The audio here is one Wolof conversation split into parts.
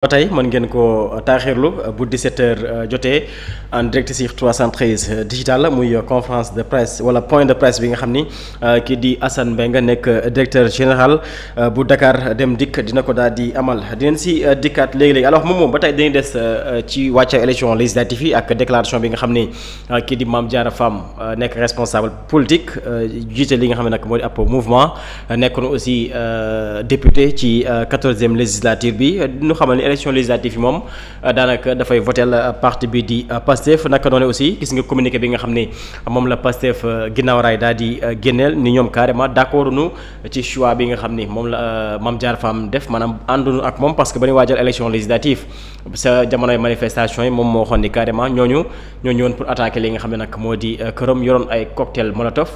ba tey mën ngeen ko taaxirlu bu 17h euh, jotee en direct sur 313 digital muy conférence de presse wala point de presse bi nga xam ni euh, ki di assan Assane nga nekk directeur général euh, bu Dakar Dem Dikk dina ko daal di amal dinañ si dikkaat léegi-léegi alors moom moom ba tey dañuy des ci wàcca élection législative yi ak déclaration bi nga xam ni kii di maam Diarra Fam nekk responsable politique jiite li nga xam ne nag moo di ab mouvement nekkoon aussi député ci e législature bi ñu xamal élection législative yi moom euh, daanaka dafay votel euh, parti bi di euh, Pastef naka noonu aussi gis nga communiqué bi nga xam ne moom la Pastef ginnaaw raay daal génneel ni ñoom carrément d'accord nu ci choix bi nga xam ni moom la Mame Diarra Fam def maanaam àndunu ak moom parce que ba ñu waajal élection législative sa jamonoy manifestation yi moom moo waxoon ni carrément ñooñu ñooñu woon pour attaquer li nga xam ne nag moo di këram yoroon ay cocktail molotov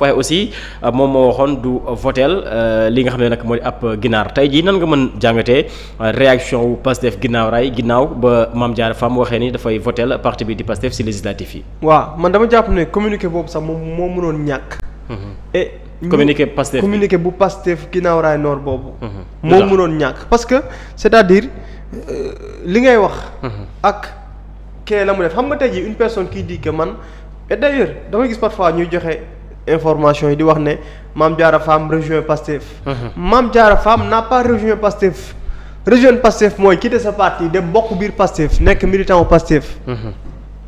ginnaaw raay ginnaaw ba Mame Diarra Fam waxee ni dafay votel parti bi di Pastef si législatif yi. waaw man dama jàpp ne communiqué boobu sax moom moo mënoon ñàkk. Mm-hmm. Eh, communiqué bu Pastef ginnaaw raay noor boobu. Mm-hmm. moo mënoon ñàkk parce que c'est-à-dire euh, li ngay wax. Mm-hmm. ak kee la mu def xam nga tey jii une personne qui dit man et d'ailleurs damay gis parfois ñuy joxe. information yi di wax ne Mame Diarra Fam rejoint Pastef. Mame Diarra Fam n'a pas rejoint Pastef. rejoindre Pastef mooy quitter sa parti dem bokk biir Pastef nekk militant wu Pastef. Mhm.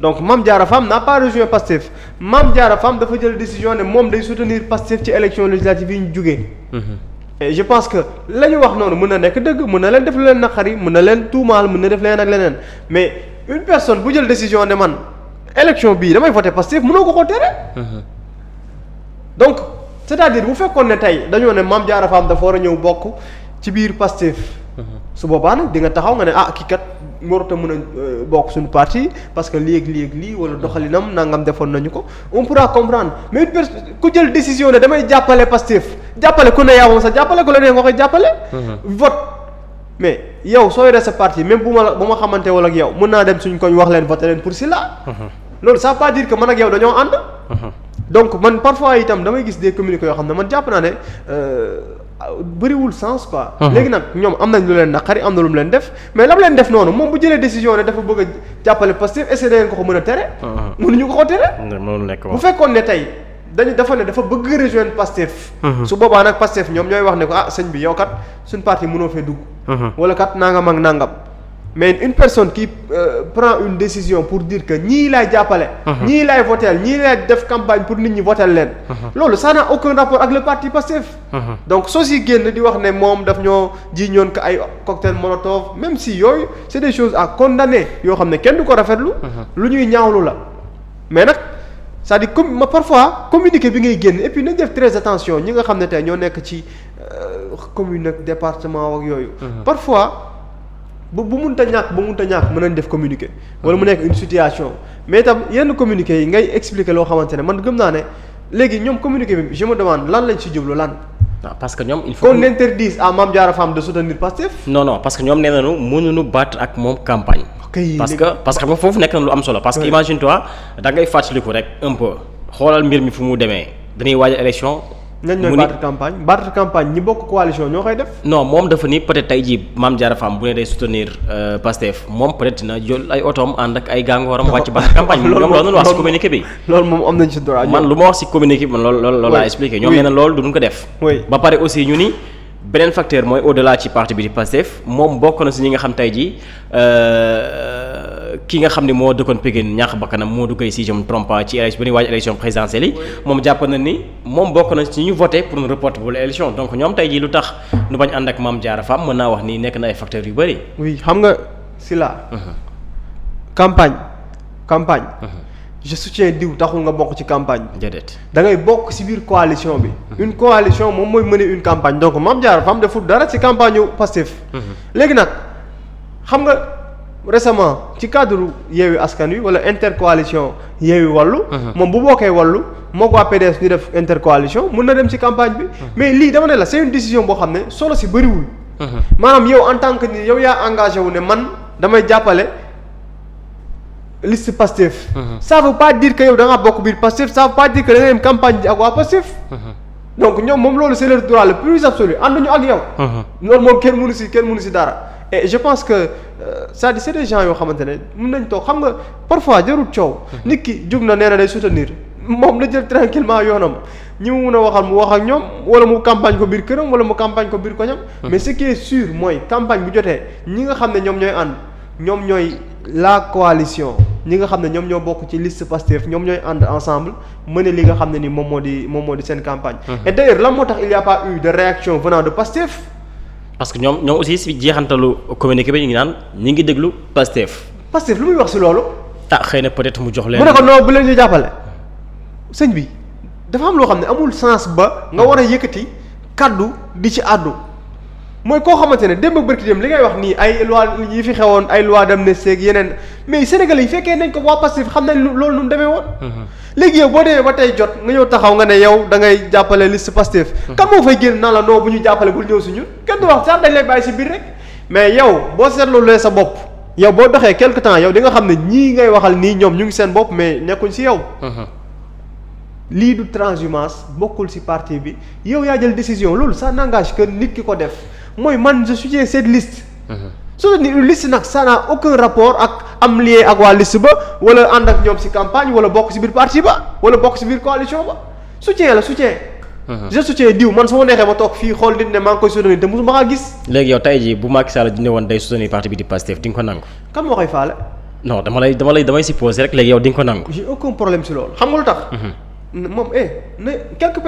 donc Mame Diarra Fam n'a pas rejoint Pastef Mame Diarra Fam dafa jël décision ne moom day soutenir Pastef ci élection législative yi ñu jugee. Mhm. je pense que la ñu wax noonu mën na nekk dëgg mën na leen def lu leen naqari mën na leen tuumaal mën na def leneen ak leneen mais une personne bu jël décision ne man élection bii damay voté Pastef mënoo ko ko tere. Mhm. donc c'est-à-dire bu fekkoon ne tey dañoo ne Mame Diarra Fam dafa war a ñëw bokk ci biir Pastef. su boobaa nag di nga taxaw nga ne ah kii kat warut a a euh, bokk suñu parti parce que léegi léegi lii wala doxalinam nangam defoon nañu ko on pourra comprendre mais une personne ku jël décision ne damay jàppale Pastef jàppale ku ne yaa moom jàppale ko la ne nga koy jàppale. vote mais yow soo yoree sa parti même bu ma la bu ma xamante wala ak yow mën naa dem suñ koñ wax leen voté leen pour si la loolu ça veut pas dire que man ak yow dañoo ànd. donc man parfois itam damay gis des communiqués yoo xam ne man jàpp bëriwul sens quoi. Uhhuh. léegi nag ñoom am nañ lu leen naqari am na lu mu leen def mais la mu leen def noonu moom bu jëlee décision ne dafa bëgg a jàppale Pastef est-ce que da ngeen ko ko mën a tere. Uhhuh. mënuñu ko ko tere. bu fekkoon ne tey dañu dafa ne dafa bëgg rejoindre Pastef. Uhhuh. su boobaa nag Pastef ñoom ñooy wax ne ko ah sëñ bi yow kat suñ parti mënoo fee dugg. wala kat nangam ak nangam. mais une personne qui euh, prend une décision pour dire que ñii laay jàppale. Uh-huh. ñii laay voteel ñii laay def campagne pour nit ñi voteel leen. Uh-huh. loolu ça n'a aucun rapport ak le parti Pastef. Uh -huh. donc soo si génn di wax ne moom daf ñoo jii ñoon ko ay cocktail molotov même si yooyu c'est des choses à condamner yoo xam ne kenn du ko rafetlu. Uh-huh. lu ñuy ñaawlu la mais nag. cest à comme ma parfois communiqué bi ngay génn et puis nañ def très attention ñi nga xam ne tey ñoo nekk ci euh, commune ak département ak yooyu. bu bu munta ñàkk ba munta ñàkk mën nañ def communiqué wala mu nekk une situation mais itam yenn communiqué yi ngay expliquer loo xamante ne man gëm naa ne léegi ñoom communiqué bi je me demande lan lañ si jublu lan. waaw ah, parce que ñoom il faut qu'on interdise à Mame Diarra de soutenir Pastef. non non parce que ñoom nee nañu mënuñu battre ak moom campagne. parce que foofu nekk na lu am solo. parce que imagine toi da ngay fàttaliku rek un peu xoolal mbir mi fi mu demee dañuy waaj élection. ñan ñooy battre campagne battre campagne ñi bokk coalition ñoo koy def. non moom dafa ni peut-être tey jii Mame bu ne day soutenir euh, Pastef moom peut-être dina ay otoom ànd ak ay gàngooram wàcc battre campagne. loolu moom ñoom loolu wax si communiqué bi. loolu moom am nañ si droit man lu ma wax si communiqué bi man loolu laa expliqué. ñoom nee na loolu duñ ko def. ba pare aussi ñu ni. beneen facteur mooy au-delà ci parti bi di Pastef moom ki nga xam ne moo dëkkoon Pikine ñàkk bakkanam Modou Gueye si je me trompe pas ci élection bi ñuy waaj élection présidentielle yi moom jàpp na ni moom bokk na ci ñu voté pour ñu reporter bu donc ñoom tey jii lu tax nu bañ ànd ak Mame Diarra mën naa wax ni nekk na ay facteurs yu bëri. oui xam nga si la. Uh-huh. campagne campagne. Uh-huh. je soutiens diw taxul nga bokk ci campagne bi. déedéet da ngay bokk si biir coalition bi. Uh-huh. une coalition moom mooy mener une campagne donc Mame Diarra Fam deful dara si campagne yu Pastef. léegi nag récemment ci cadre Yewwi Askan Wi wala intercoalition Yewwi Wallu. Uh-huh. moom bu bokkee Wallu moo ko waa PDS ñu def intercoalition mun na dem ci campagne bi. Uh-huh. mais lii dama ne la c'est décision boo xam ne solo si bëriwul. Uh-huh. maanaam yow en tant que ni yow yaa engagé wu ne man damay jàppale liste Pastef. ça veut pas dire que yow da ngaa bokk biir Pastef ça veut pas dire que da dem campagne bi ak waa Pastef. donc ñoom moom loolu c'est leur droit le plus absolu ànduñu ak si kenn mënu si dara. et je pense que euh, c'est-à-dire yoo xamante ne mën nañ toog xam nga parfois jarul coow. Mhm. nit ki jug na nee na day soutenir moom la jël tranquillement yoonam ñi mu mun a waxal mu wax ak ñoom wala mu campagne ko biir këram wala mu campagne ko biir koñam. Mhm. mais ce qui est sûr mooy campagne bu jotee ñi nga xam ne ñoom ñooy ànd ñoom ñooy la coalition. ñi nga xam ne ñoom ñoo bokk ci liste Pastef ñoom ñooy ànd ensemble mener li nga xam ne ni moom moo di moom moo di seen campagne. Mhm. et parce que ñoom ñoom aussi si jeexantalu communiqué bi ñu ngi naan ñu ngi déglu Pastef. Pastef lu muy wax si loolu. ah xëy na peut-être mu jox leen. mu ne ko non bu leen ñu jàppale sëñ bi dafa am loo xam ne amul sens ba nga ah. war a yëkkati kàddu di ci àddu. mooy koo xamante ne démb ak bërki dem li ngay wax nii ay loi yi fi xewoon ay loi d'amnistie ak yeneen mais sénégalais yi fekkee nañ ko waa Pastef xam nañ loolu nu demee woon mhm. léegi yow boo demee ba tey jot nga ñëw taxaw nga ne yow da ngay jàppale liste Pastef mhm. kan moo fay génn naa la non bu ñu jàppale bul ñëw si ñun kenn du wax sax dañ lay bàyyi si biir rek mais yow boo seetloolee sa bopp yow boo doxee quelque temps yow di nga xam ne ñii ngay waxal nii ñoom ñu ngi seen bopp mais nekkuñ si yow mhm. lii du transhumance bokkul si parti bi yow yaa jël décision loolu ça n'engage que nit ki ko def mooy man je soutiens cette liste. Mhm. soutenir une nag ça n'a rapport ak am lien ak waa liste ba wala ànd ak ñoom ci campagne wala bokk ci biir parti ba wala bokk ci biir coalition ba soutien la soutien. Mhm. diw man su ma neexee ma toog fii xool nit ne maa ngi koy soutenir te mosuma kaa gis. léegi yow tey bu Macky Sall di ko nangu. kan moo koy faale. non dama lay dama lay damay supposé rek léegi yow di ko nangu. j'ai problème ci loolu xam tax. Mhm. moom eh ne quelques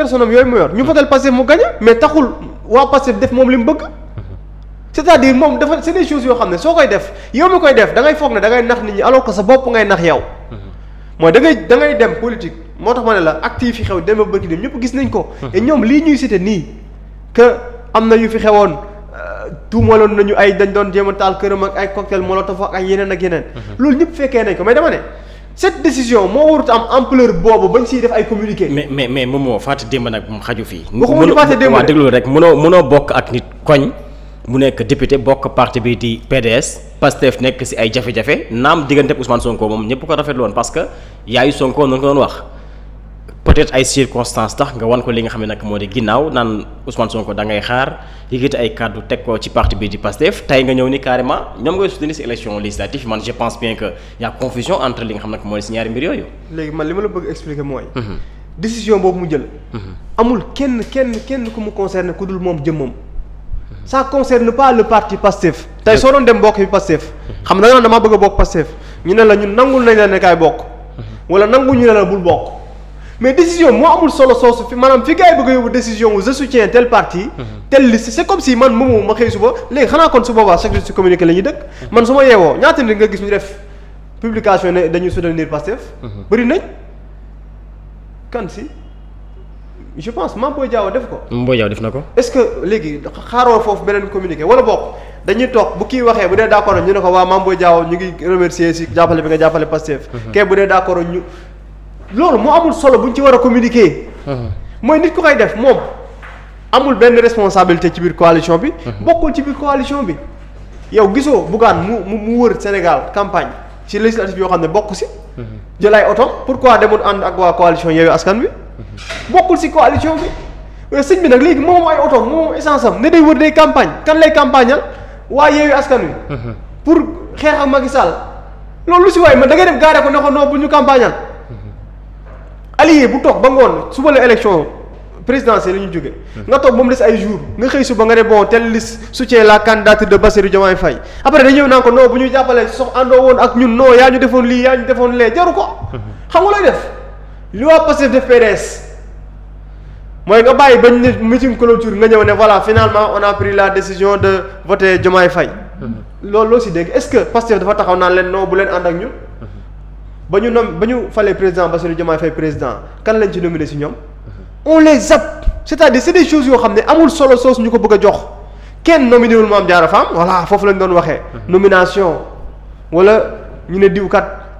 cest à moom dafa c'est des choses yoo xam ne soo koy def yow mi koy def da ngay foog ne da ngay nax nit ñi alors que sa bopp ngay nax yow. mooy da ngay dem politique moo tax ma ne la acte yi fi xew dem ba dem ñëpp gis nañ ko. et ñoom lii ñuy cité nii am na yu fi xewoon euh, tuumaloon nañu ay dañ doon jéem a taal këram ak ay cocktail ay yeneen ak yeneen. loolu ñëpp fekkee nañ ko may dama ne. cette décision moo warut am ampleur boobu bañ siy def ay communiqué. mais mais mais moom moo fàtte démb nag moom xaju fii. waxuma ñu fàtte démb de waaw déglu rek mënoo mënoo bokk ak nit koñ. mu nekk député bokk parti bi di PDS Pastef nekk ci ay jafe-jafe naam diggante Ousmane Sonko moom ñëpp ko rafetlu woon parce que yaayu Sonko noonu ko doon wax peut ay circonstances tax nga wan ko li nga xam ne nag moo di ginnaaw naan Ousmane Sonko da ngay xaar yëkkati ay kàddu teg ko ci parti bi di Pastef tey nga ñëw ni carrément ñoom ngay soutenir ci élection législative man je pense bien que y a confusion entre li nga xam ne nag moo di ci ñaari mbir mhm. mhm. kenn ku mu concerné ku dul moom jëmmam. ça concerne pas le parti Pastef tey soo doon dem bokk fi Pastef xam nga dama bëgg a bokk Pastef ñu ne la ñun nangul nañ la ne bokk wala nangu ñu ne la bul bokk mais décision moo amul solo soosu fi maanaam fi gars bëgg a yóbbu décision wu je soutiens tel parti tel liste c' comme si man moomu ma xëy suba léegi xanaa kon su boobaa chaque jour ci dëkk man su ma yeewoo ñaata nit nga gis ñu def publication ne dañuy soutenir Pastef mhm. bëri nañ kan si je pense Mame Boye Diao def ko. Mame Boye def na ko. est-ce que léegi xaaroo foofu beneen communiqué wala bokk dañuy toog bu kii waxee bu dee d'accord ñu ne ko waa Mame Boye Diao ñu ngi remercier si jàppale bi nga jàppale Pastef. Mhm. kay bu dee d'accord ñu. loolu moo amul solo bu ñu ci war a communiquer. Mhm. mooy nit ko koy def moom amul benn responsabilité ci biir coalition bi. Mhm. bokkul ci biir coalition bi. yow gisoo Bougane mu mu wër Sénégal campagne ci législative yoo xam ne bokk si. jël ay oto pourquoi demul ànd ak waa coalition Yewwi Askan Wi. bokkul si coalition bi sëñ bi nag léegi moom ay oto moom essence am ne day wër day campagne kan lay campagnal waa yeewu askan wi. Mhm. pour xeex ak Macky Sall loolu lu si waay man da ngay dem gaare ko ne ko non bu ñu campagnal. Mhm. allié bu toog ba ngoon suba la élection présidentielle la ñu jóge mhm. nga toog ba mu des ay jours nga xëy suba nga ne bon tel liste soutient la candidature de Bassirou Diomaye Faye après dañu ñëw naa ko noo bu ñu jàppalee sox àndoo woon ak ñun non yaa ñu defoon lii yaa ñu lee jaru ko. xam nga looy def. li waa Pastef def PDS mooy nga bàyyi bañ ne meeting clôture nga ñëw ne voilà finalement on a pris la décision de voter Diomaye Faye mhm. loolu loo si dégg est-ce que Pastef dafa taxaw naan leen non bu leen ànd ak ñun mhm. ba ñu nom ba ñu falee président ba Bassirou Diomaye Faye président kan lañ ci nominé si ñoom mhm. on les zappe c'est-à-dire c'est des choses yoo xam ne amul solo soos ñu ko bëgg a jox kenn nominé wul Mame Diarra Fam voilà foofu lañ doon waxee nomination wala ñu ne diw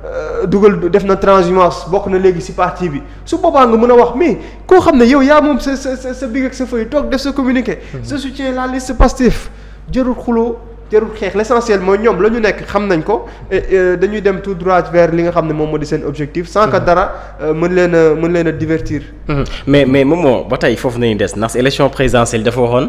Euh, dugal def na transhumance bokk na léegi si parti bi su boobaa nga mën a wax mais koo xam ne yow yaa moom sa sa sa sa big ak sa feuille toog def sa communiqué. sa hmm. soutien la liste Pastef jërul xuloo jërul xeex l'essentiel mooy ñoom la ñu nekk xam nañ ko euh, dañuy dem tout droit vers li nga xam ne moom moo di seen objectif. sans que hmm. dara euh, mën leen mën leen a divertir. Hmm. mais mais moom moo ba tey foofu nañu des ndax élection présidentielle dafa waxoon.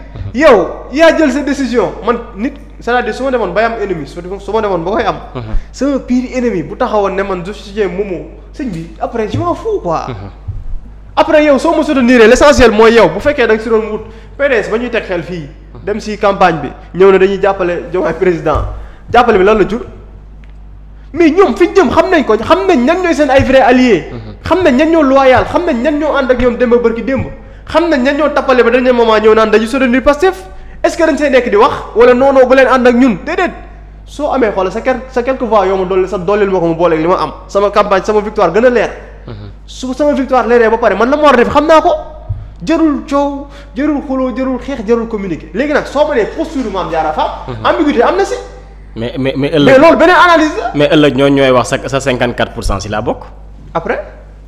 yow yaa jël sa décision man nit c'est-à-dire su ma demoon bay am ennemi su ma demoon ba koy am. Mhm. sama pire ennemi bu taxawoon ne man je soutiens Momo sëñ bi après je m'en fous quoi. Mhm. après yow soo ma soutenir l'essentiel mooy yow bu fekkee da si doon wut PDS ba ñuy teg xel fii. Mhm. dem si campagne bi ñëw na dañuy jàppale Diomaye président jàppale bi lan la jur. mais ñoom fi jëm xam nañ ko xam nañ ñan ñooy seen ay vrais alliés. xam nañ ñan ñoo loyal xam nañ ñan ñoo ànd ak ñoom démb bërki démb. xam nañ ñan ñoo tappale ba dernier moment ñëw naan dañu soutenir Pastef est-ce que dañ see nekk di wax wala non non bu leen ànd ak ñun déedéet soo amee xoolal sa ker sa quelque fois yow ma dolli sa dollil ma ko mu booleeg li ma am sama campagne sama victoire gën a leer. Mhm. su sama victoire leeree ba pare man la ma war a def xam naa ko jarul coow jarul xuloo jarul xeex jarul communiqué léegi nag soo ma nee posture maam jaara faam. Mhm. ambiguïté am na si. mais mais mais ëllëg mais loolu mais ëllëg ñooñu wax sa sa 54 pour cent si laa bokk. après.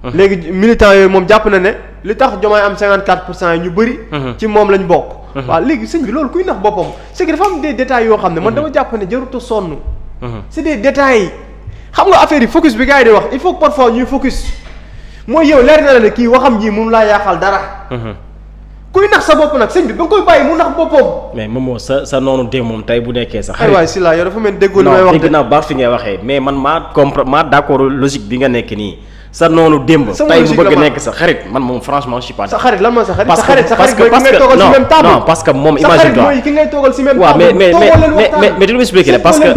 Uh-huh. léegi militant yooyu moom jàpp na ne li tax Diomaye am 54 pour cent yi ñu bëri. Uh-huh. ci moom lañ bokk. Uh-huh. waaw léegi sëñ bi loolu kuy nax boppam c'est que dafa am yoo xam ne man dama jàpp ne jarut a sonn. c'est des détails xam nga affaire yi focus bi gars wax il faut que parfois ñuy focus kii waxam ji sëñ bi ba mu nax boppam. mais moom moo sa sa noonu dee moom tey bu nekkee sa. xarit aywa Sylla yow dafa mel ni déggoo li baax fi waxee mais man maa comprendre maa d'accord logique bi nga nekk nii. sa noonu démb tey mu bëgg nekk sa xarit man moom franchement je suis pas sa xarit lan mooy sa xarit sa xarit sa xarit mooy ki ngay toogal si même table non parce que moom imagine toi ki ngay toogal si même table waaw mais mais mais mais mais déglu expliquer parce que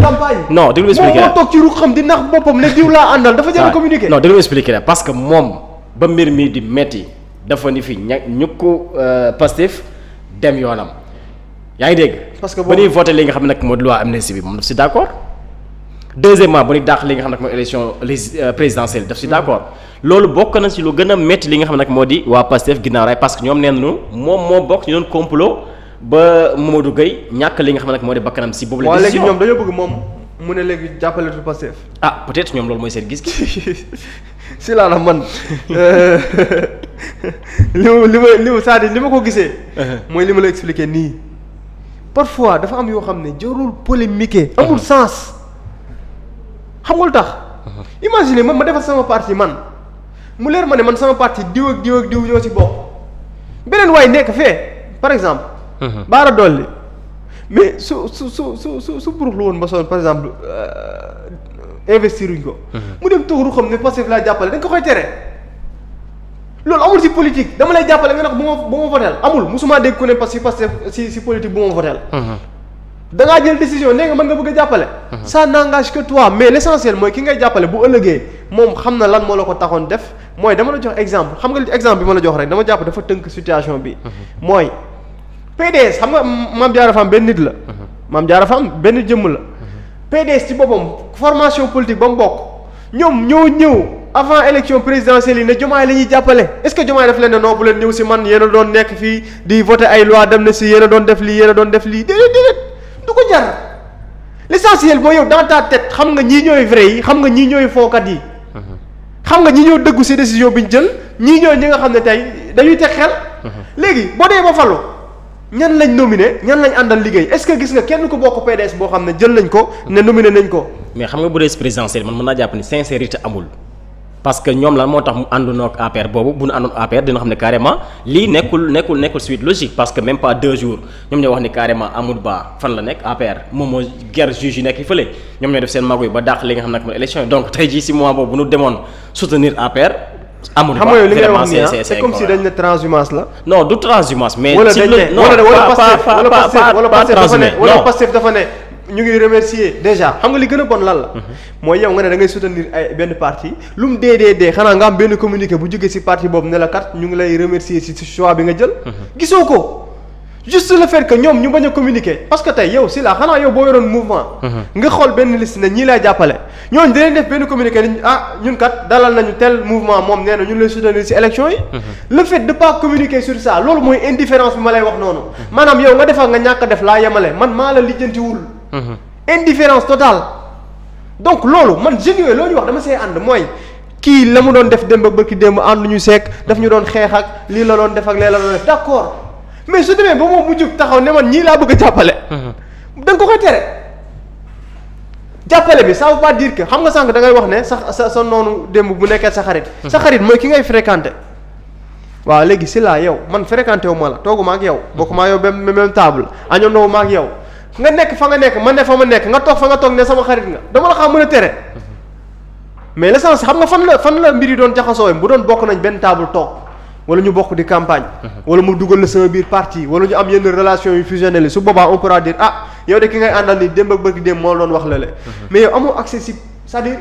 non déglu expliquer moom moo toog ci ruxam di nax boppam ne diw laa àndal dafa jël communiquer non déglu expliquer parce que moom ba mbir mi di metti dafa ni fi ña ñukku euh, Pastef dem yoonam yaa ngi dégg parce que ba ñuy voté li nga xam ne nag moo loi amnistie bi moom daf si d'accord deuxièmement bu ñu dàq li nga xam ne mooy élection euh, présidentielle daf si mm. d' accord loolu bokk na si lu gën a métti li nga xam ne moo di waa Pastef ginnaaw raay parce que ñoom nee nañu moom moo bokk ñu doon complot ba Mamadou Gueye ñàkk li nga xam ne moo di bakkanam si boobu la décision waaw léegi ñoom dañoo bëgg moom mu ne léegi jàppale tu Pastef ah peut gis si laa la man euh, li ma li ma li ma cest à li ma ko gisee uh-huh. mooy li ma la expliqué nii parfois dafa am yoo xam ne jarul polémique amul uh-huh. sens xam nga lu tax. imagine ma ma defal sama parti man mu leer ma ne man sama parti diw ak diw ak diw ñoo ci bokk beneen waay nekk fee par exemple. Uh-huh. baara dolli mais su su su su su su burux lu woon ba sonn par exemple euh, investir wuñ ko. Uh-huh. mu dem toog ru xam ne Pastef laa jàppale dañ ko koy tere. loolu amul ci politique dama lay jàppale nga ne ko bu ma bu ma voteel amul musuma dégg ku ne parce que Pastef ci bu ma voteel. da ngaa jël décision nee nga mën nga bëgg a jàppale. Mhm. ça n'engage que toi mais l'essentiel mooy ki ngay jàppale bu ëllëgee moom xam na lan moo la ko taxoon def mooy dama la jox exemple xam nga exemple bi ma la jox rek dama jàpp dafa tënk situation bi. Mhm. mooy PDS xam nga Mame Diarra Fam benn nit la. Mhm. mam Diarra Fam benn jëmm la. PDS ci boppam formation politique ba mu bokk ñoom ñëw ñëw avant élection présidentielle yi ne Diomaye la ñuy jàppale est-ce que Diomaye ne non bu leen si man yéen doon nekk fii di voter ay loi dem na si yéen a doon def lii yéen a doon def lii déedéet déedéet du ko jar l'essentiel mooy yow dans ta tête xam nga ñi ñooy vrai yi xam nga ñii ñooy fookat yi. xam nga ñi ñoo dëggu si décision bi ñu jël ñii ñooy ñi nga xam ne tey dañuy teg xel. léegi boo dee ba fallu ñan lañ nominé ñan lañ àndal liggéey est-ce que gis nga kenn ku bokk PDS boo xam ne jël nañ ko. ne nominé nañ ko. mais xam nga bu dee présidentiel man mën naa jàpp ni sincérité amul. parce que ñoom lan moo tax mu àndoon ak boobu bu ñu àndoon APR dina xam ne carrément lii nekkul nekkul nekkul suite logique parce même pas deux jours ñoom ñoo wax ni carrément Amadou Ba fan la nekk APR moom moo guerre juge yi nekk fële ñoom ñoo def seen magu yi ba dàq li nga xam nag mooy élection yi donc tey jii si boobu bu ñu demoon soutenir APR. Amadou Ba vraiment c' ah, est c' est c' est comme si dañ ne transhumance la. non du transhumance. mais si ñu ngi remercier déjà mm-hmm. xam nga li gën a bon lan la. Mm-hmm. mooy yow nga ne da ngay soutenir ay benn parti lu mu dee dee dee xanaa nga am benn communiqué bu jógee ci parti boobu ne la kat ñu ngi lay remercier ci choix bi nga jël. Mm-hmm. gisoo ko juste le fait que ñoom ñu bañ a communiquer parce que tey yow si la xanaa yow boo yoroon mouvement. nga xool benn liste ne ñii lay jàppale. ñooñu dinañ def benn communiqué ne ah ñun kat dalal nañu tel mouvement moom nee na ñun lay soutenir ci élection yi. loolu mooy indifférence bi ma wax noonu. maanaam yow nga def ak ñàkk def laa yemale man maa la lijjantiwul Mm-hmm. indifférence total donc loolu man jeunes loo ñuy wax dama see ànd mooy kii la mu doon def démb ak bërki démb ànd ñu seek daf ñu doon xeex ak lii la doon def ak lee la doon def d'accord mais su demee ba moom mu jug taxaw ne man ñii laa bëgg jàppale mm-hmm. da nga ko koy tere jàppale bi ça veut pas dire xam nga sànq da ngay wax ne sa sa sa noonu démb bu nekkee sa xarit mm-hmm. sa xarit mooy ki ngay fréquenté waaw léegi si laa yow man fréquenté wu ma la toogu ma ak yow bokkuma ak yow même même table yow nga nekk fa nga nekk man ne fa ma nekk nga toog fa nga toog ne sama xarit nga dama la xam mën a tere mais l'essence xam nga fan la fan la mbir yi doon jaxasoo bu doon bokk nañ benn table toog wala ñu bokk di campagne. wala mu dugal la sama biir parti wala ñu am yenn relation yu fusionnelles su boobaa on ah yow de ki ngay àndal ni démb a bëgg démb moo doon wax lale mais yow amoo accès si c'est-à-dire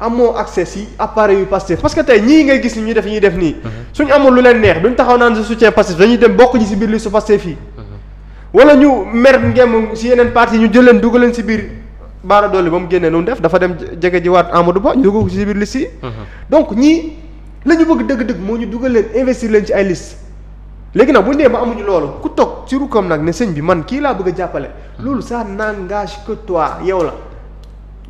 amoo accès si appareil yu Pastef parce def nii. Mhm. suñu amoon lu leen neex duñ taxaw naan je soutiens Pastef si biir liste fii. wala ñu mer ngem si yeneen parti ñu jëleen dugal leen si biir baara doole ba mu génnee nu def dafa dem jege ji waat Amadou Ba ñu dugal ko si biir liste mhm. donc ñii la ñu bëgg dëgg-dëgg moo ñu dugal leen investir leen ci ay liste léegi nag bu ñu nee ba amuñu loolu ku toog ci rukkam nag ne sëñ bi man kii laa bëgg a jàppale mhm. loolu ça n'engage que toi yow la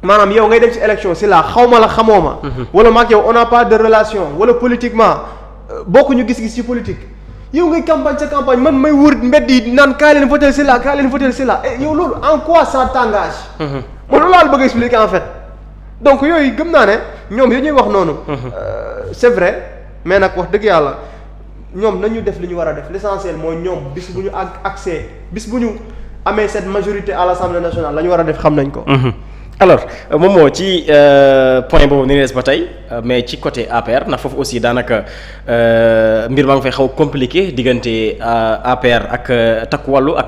maanaam yow ngay dem ci élection si la xaw ma la xamoo ma. Mhm. wala maak yow on a pas de relation wala politiquement euh, bokkuñu gis-gis ci politique. yow ngay campagne sa campagne man may wër mbedd yi naan kaay leen voter Sylla kaay leen voter Sylla et eh, yow loolu en quoi ça t'engage. man mhm. loolu laa bëgg expliquer en fait. donc yooyu gëm naa ne ñoom yi ñuy wax noonu. Mhm. Euh, c'est vrai mais nag wax dëgg yàlla ñoom nañu def li ñu war a def l'essentiel mooy ñoom bis bu ñu accès bis bu ñu amee cette majorité à l'Assemblée nationale la ñu war a def xam nañ ko. Mhm. alors moom euh, moo ci euh, point boobu ni nees ba tey euh, mais ci côté APR ndax foofu aussi daanaka mbir maa ngi xaw compliqué diggante APR ak takk wàllu ak